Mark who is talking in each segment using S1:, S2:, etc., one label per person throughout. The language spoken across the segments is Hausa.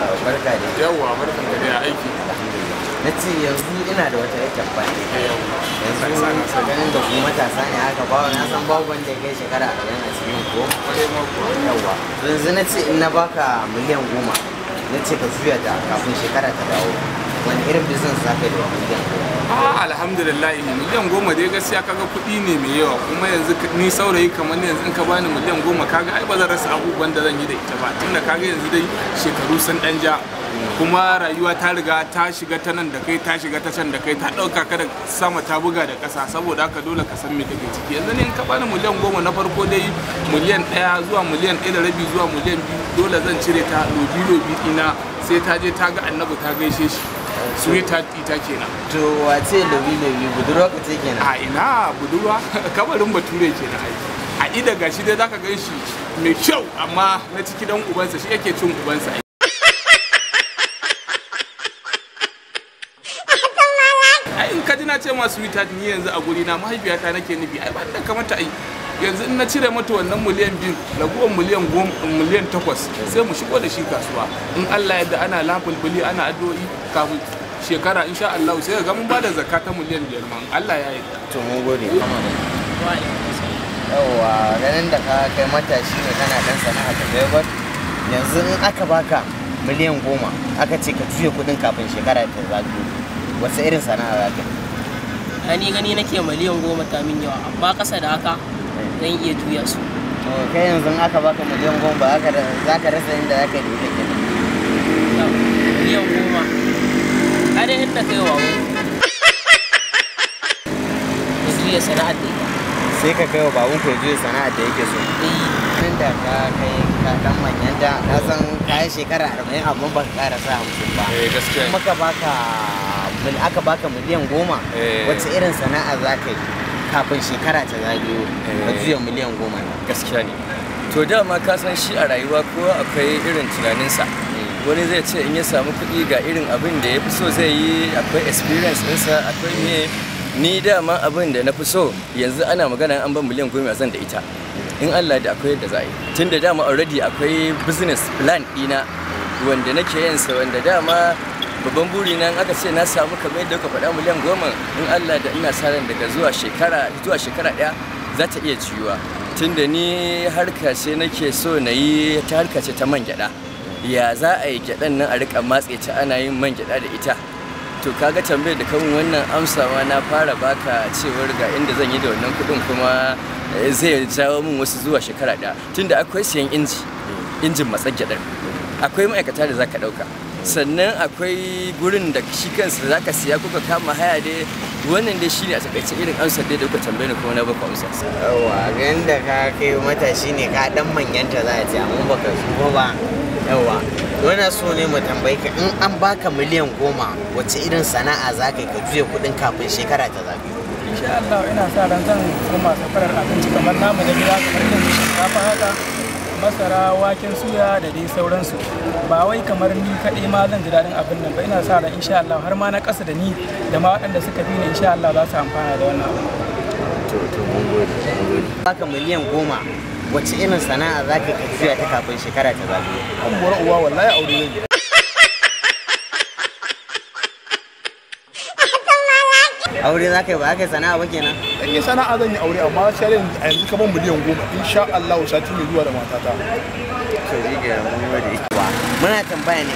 S1: barka da yawa barkan aiki na ce yanzu ina da wata tambaya eh, yanzu ganin da ku matasa ne haka bawa na san babu wanda kai shekara a yan asirin ko yawa yanzu na ce in na baka miliyan goma na ce ka zuya ta kafin shekara ta dawo wani irin bizin za ka yi da miliyan goma
S2: a alhamdulillah miliyan goma dai gaskiya kaga kuɗi ne mai yawa kuma yanzu ni saurayi kamar yanzu in ka bani miliyan goma kaga ai ba rasa abubuwan da zan yi da ita ba tunda kaga yanzu dai shekaru sun ɗan ja kuma rayuwa ta riga ta shiga ta nan da kai ta shiga ta can da kai ta ɗauka ka da sama ta buga da ƙasa saboda haka dole ka san me kake ciki yanzu ne in ka bani miliyan goma na farko dai miliyan ɗaya zuwa miliyan ɗaya da rabi zuwa miliyan biyu dole zan cire ta lobi lobi ina sai ta je ta ga annabi ta gaishe shi sweetheart ita kenan to wace labi labi budurwa ka ce kenan a ina budurwa kabarin bature kenan ai a ida gashi dai zaka gan shi mai kyau amma na ciki dan ubansa shi yake cin ubansa in ka ji na ce ma sweetheart ni yanzu a guri na mahaifiyata nake nufi ai ba da kamata ai yanzu in na cire mata wannan miliyan biyu raguwar miliyan miliyan takwas sai mu shigo da shi kasuwa in allah yadda ana lafulfuli ana addu'o'i kafin shekara insha Allah sai ga mun bada zakka ta miliyan biyar ma Allah ya yi to mun gode
S1: yawa ganin da ka kai matashi ne kana dan sana'a
S2: ka kai yanzu in
S1: aka baka miliyan goma aka ce ka juya kudin kafin shekara ta zaki wasu irin sana'a za ka ni gani nake miliyan goma ta min yawa amma kasa da haka zan iya juya su kai yanzu in aka baka miliyan goma ba za ka rasa inda za ka yi
S2: da miliyan goma dai inda kai wa ya juya sana'ar
S1: sai ka kai wa babu ka juya sana'ar da yake so nan eh. da ka kai ka dan manyan da na san kayan shekara arba'in amma ba ka ƙara sa hamsin ba eh, kuma ka baka mil aka baka miliyan goma eh. wacce irin
S3: sana'a za ka yi kafin shekara ta zagayo ka juya miliyan goma gaskiya ne to dama ka san shi a rayuwa kowa akwai irin tunaninsa wani zai ce in ya samu kuɗi ga irin abin da ya fi so zai yi akwai experience ɗinsa akwai me ni dama abin da na fi so yanzu ana magana an ban miliyan goma zan da ita in Allah da akwai yadda za a yi tun da dama already akwai business plan ɗina wanda nake yin sa wanda dama babban buri nan aka ce na samu kamar yadda ka faɗa miliyan goma in Allah da ina sa ran daga zuwa shekara zuwa shekara ɗaya za ta iya ciwuwa tun da ni harka ce nake so na yi ta harka ce ta man gyaɗa ya za a yi gyaɗan nan a rika matse ta ana yin man gyaɗa da ita to kaga tambayar da kan wannan amsawa na fara baka cewar ga inda zan yi da wannan kuɗin kuma eh, zai jawo min wasu zuwa shekara ɗaya tunda akwai siyan inji injin matsar gyaɗar akwai ma'aikata da za ka ɗauka sannan akwai gurin da shi kansa za ka siya kuka kama haya dai wannan dai shine a takaice irin amsar dai da kuka tambaye ni kuma na baka amsa yawa ganin da ka
S1: kai matashi ne ka dan manyanta za a ce amma baka su ba yawa yana so ne mu tambayi ka in an baka miliyan goma wace irin sana'a za ka yi ka juya kuɗin kafin shekara ta zafi
S2: insha Allah sa ran zan koma safarar abinci kamar namu da gida kamar shinkafa haka masara waken suya da dai sauransu ba wai kamar ni kaɗai ma zan ji daɗin abin nan ba ina sa ran insha Allah har ma na ƙasa da ni da ma waɗanda suka fi ni insha Allah za su amfana da wannan abu. Baka miliyan goma
S1: wace irin sana'a za ka juya ta kafin shekara ta zaɓi
S3: an bora uwa wallahi aure ne
S1: aure za ka yi ba ka sana'a ba kenan in yi sana'a zan yi aure amma sai a yanzu kamar miliyan goma in sha Allah sati mai zuwa da matata muna tambaya ne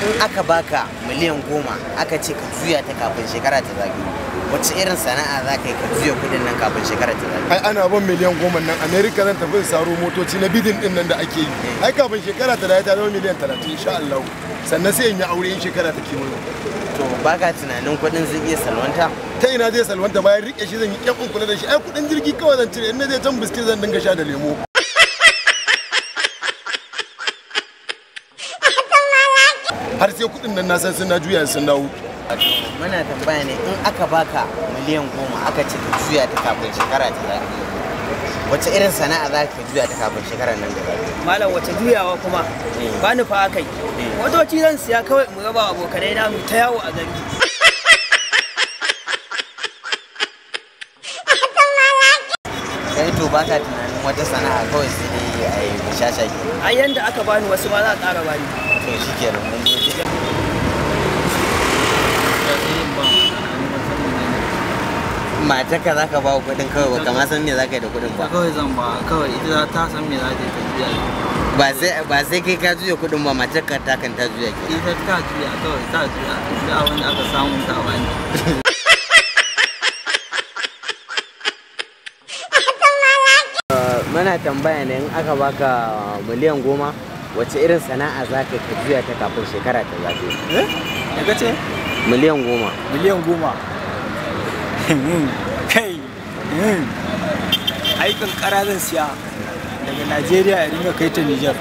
S1: in aka baka miliyan goma aka ce ka juya ta kafin shekara ta zagi wace irin sana'a za ka yi ka juya kudin nan kafin shekarar ta zai?
S3: ai ana ban miliyan goma nan Amerika zan tafi saro motoci na bidin din nan da ake yi eh. ai kafin shekara ta ta zama miliyan talatin insha Allah
S1: sannan sai in yi aure in shekara ta kimanin to ba ka tunanin kudin zai iya salwanta
S2: ta ina zai salwanta bayan rike shi zan yi kyan kula da shi ai kudin jirgi kawai zan cire in na je can biskit zan dinga sha da lemo
S1: har sai kudin nan na san sun na juya sun dawo muna tambaya ne in aka baka miliyan goma aka ce ka juya ta kafin shekara ta zaɓi wace irin sana'a za ka juya ta kafin shekarar nan da zaɓi malam wace juyawa kuma eh. ba ni fa aka yi eh. motoci zan siya kawai mu raba abokanai na mu ta yawo a zangi kai to ba ka tunanin wata sana'a kawai sai dai a yi shashaki ai yanda aka bani wasu ma za a ƙara bani to shi kenan mata za ka ba kuɗin kawai ba kama san me za ka yi da kuɗin ba kawai zan ba kawai
S2: ita ta san me za ta yi ta juya
S1: ba sai ba sai kai ka juya kuɗin ba mata ta kan ta juya ke ita
S2: ta juya kawai ta juya da abin da aka samu ta bani
S1: muna tambaya ne in aka baka miliyan goma wace irin sana'a za ka juya ta kafin
S2: shekara ta zafi? Eh? ce? miliyan goma miliyan goma hmm, kai hmm. aikin kara zan siya daga najeriya ya dinga kai ta nijar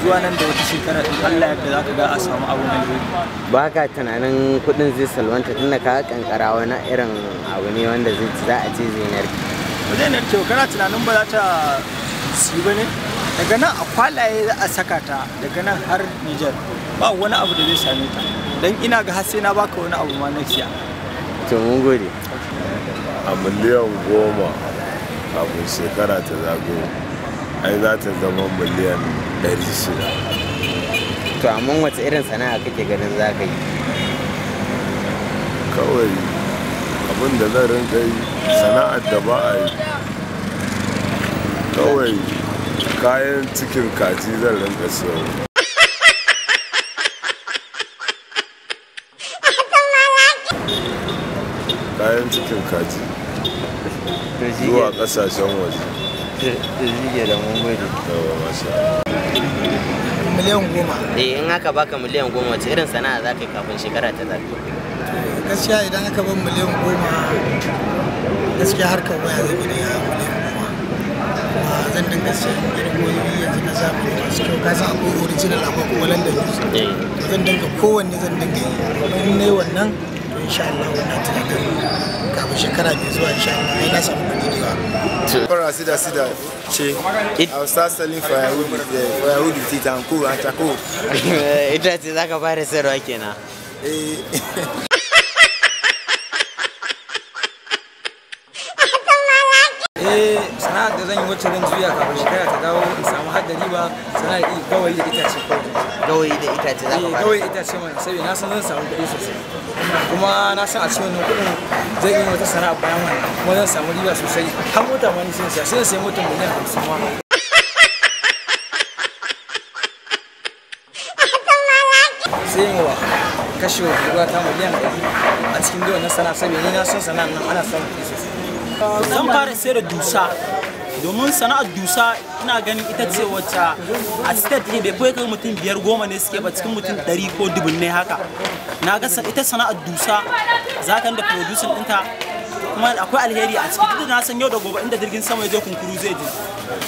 S2: zuwa nan da wata shekara in Allah yadda za ka ga a samu abu na zai
S1: ba ka tunanin kudin zai salwanta tunda ka kankara wani irin abu ne wanda za a ce zai narke
S2: ba zai narke kana tunanin ba za ta siyi ba ne daga nan a kwalaye za a saka ta daga nan har Nijar ba wani abu da zai same ta don ina ga har sai na baka wani abu ma na siya
S3: to mun gode a miliyan goma kafin shekara ta zago ai za ta zama miliyan ɗari shida to amma wace
S1: irin sana'a kake ganin za ka yi kawai
S3: abin da zan rinka yi sana'ar da ba a yi kawai kayan cikin kaji zan rinka siyo kayan cikin kaji zuwa kasashen waje
S1: miliyan goma Da eh, in aka baka miliyan goma wace irin sana'a za ka yi kafin shekara ta zafi eh, gaskiya idan aka ban miliyan goma gaskiya harkar waya zai London gaskiya irin wayoyi yanzu na kyau ka san akwai original akwai kuma London eh. zan dinga kowanne zan dinga yi in wannan to insha Allah wannan tunanin kafin shekara mai zuwa insha Allah ina samu kuɗi da yawa. Kora sida sida ce I'll start selling firewood with the firewood with it and and charcoal. Ita ce za ka fara sayarwa kenan. Eh. eh. sana'ar da zan yi wacce zan juya kafin
S3: shekara ta dawo in samu haddari ba sana'ar iya gawayi da itace
S1: kawai gawayi da itace za ka eh,
S3: fara gawayi
S2: itace mai saboda na san zan samu kuɗi sosai kuma na san a cikin wannan kuɗin zan yi wata sana'a bayan wannan kuma zan samu riba sosai har mota ma ni sun siya sai sai mota motar miliyan hamsin
S1: ma sai yin wa kashe wa ta miliyan ɗari a cikin dole na sana'a saboda ni na san sana'an nan ana samun kuɗi sosai. Zan fara sai da dusa domin sana'ar dusa ina ganin ita ce wacce a state ke bai kai mutum biyar goma ne suke ba cikin mutum ɗari ko dubu ne haka na ga ita sana'ar dusa za ka da producing ɗinta kuma akwai alheri a ciki duk na san yau da gobe inda jirgin sama ya je kunkuru zai je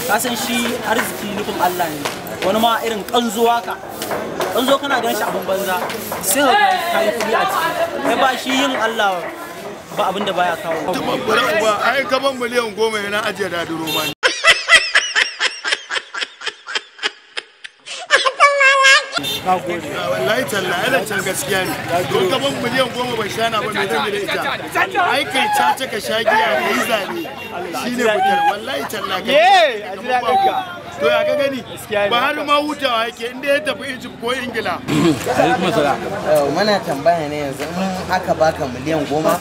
S1: ka san shi arziki nufin Allah ne wani ma irin kanzo haka kanzo kana ganin shi
S3: abin banza sai ka yi kuɗi a ciki ya ba shi yin Allah ba abin da baya kawo ba. bari uba ai gaban miliyan goma yana ajiye da duro ma ah, wallahi talla ana can gaskiya ne don ban miliyan goma ban sha na ba mai zan da ita ai kai caca ka sha giya ka yi zane shine mutar wallahi talla ka to ya ka gani ba har ma hutawa yake inda ya tafi Egypt ko Ingila
S1: mana tambaya ne yanzu in aka baka miliyan goma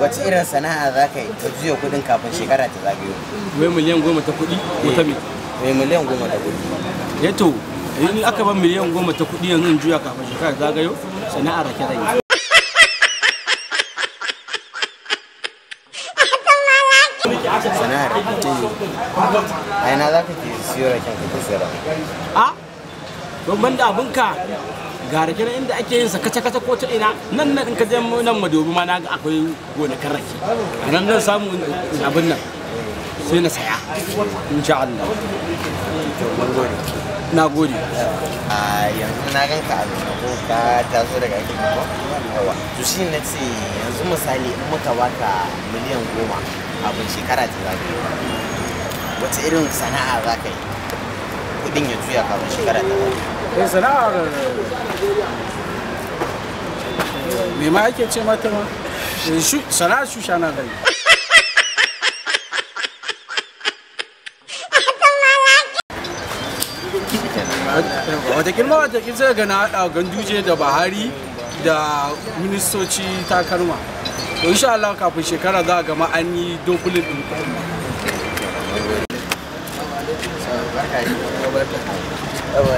S1: wace irin sana'a za ka yi ta juya kudin kafin shekara ta zagayo wai
S2: miliyan goma ta kudi ko ta me wai eh, miliyan goma ta kudi yato eh in aka ba miliyan goma ta kudi yanzu in juya kafin shekara ta zagayo sana'a rake rage
S1: a na za ka ke siyo raken ka ke siyo a
S2: ah, domin da abinka ga rake inda ake yin sa kaca kaca ko ta ina nan nan in ka je nan madobi ma na ga akwai gonakin rake a nan zan samu abin nan sai na saya insha Allah na gode
S1: a yanzu na ka a ko ka taso daga aikin ko to shi na ce yanzu misali in muka baka miliyan goma abin shekara ta zagaye wata irin sana'a za
S2: ka yi kudin ya juya kafin shekara ta sana'a eh, sana'ar me ma ake ce mata ma eh, sana'ar shusha na zai watakil ma watakil zai gana haɗa ganduje da bahari da ministoci takarma to insha Allah kafin shekara za a gama an yi dokulin din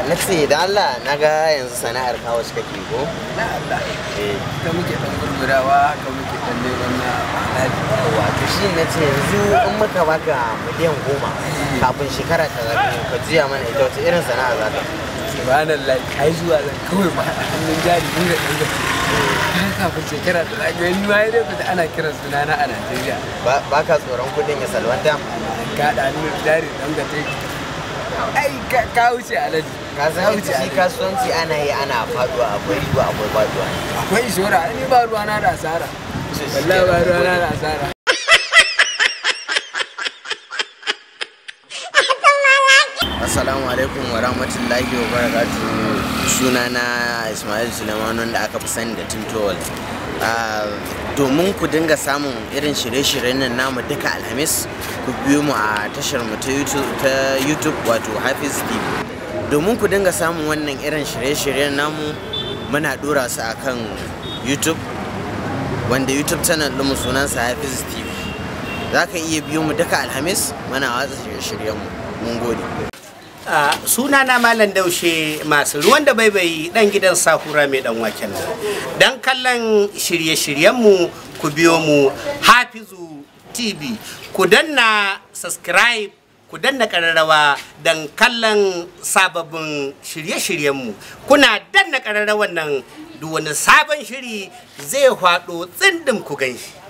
S1: na ce da Allah na ga yanzu sana'ar kawo shi kake ko? na Allah eh. ka muke dan gurgurawa ka muke dan neman na alaji wato shi na ce yanzu in muka baka miliyan goma eh. kafin shekara ta zaɓi ka jiya mana ita wata irin sana'a za ta subhanallah ai zuwa zan kawai ma hannun jari ni da ɗan ta kafin shekara da na gani ma ya dai ana kiran sunana a Najeriya ba ka tsoron kudin ya salwanta ka da ni jari ɗan ga ta
S2: ai ka wuce alaji
S3: ka san shi kasuwanci ana yi ana faduwa akwai riba akwai faduwa
S2: akwai shora ni ba ruwana da asara
S3: wallahi ba ruwana da
S2: asara
S1: assalamu alaikum wa rahmatullahi wa barakatu suna na ismail suleiman wanda aka fi sani da tintowal ah, domin ku dinga samun irin shirye-shiryen nan namu duka alhamis ku biyo mu a tashar mu ta youtube wato hafiz tv domin ku dinga samun wannan irin shirye-shiryen namu muna dora su a kan youtube wanda youtube channel ɗinmu sunansa hafiz tv za ka iya biyo mu duka alhamis muna watsa shirye mu mun gode suna na malam daushe masu ruwan da ɗan dan gidan sahura mai dan waken nan dan kallon shirye-shiryenmu ku biyo mu hafizu tv ku danna subscribe ku danna kararrawa dan kallon sababbin shirye-shiryenmu kuna danna kararrawan nan duk wani sabon shiri zai faɗo tsindin ku ganshi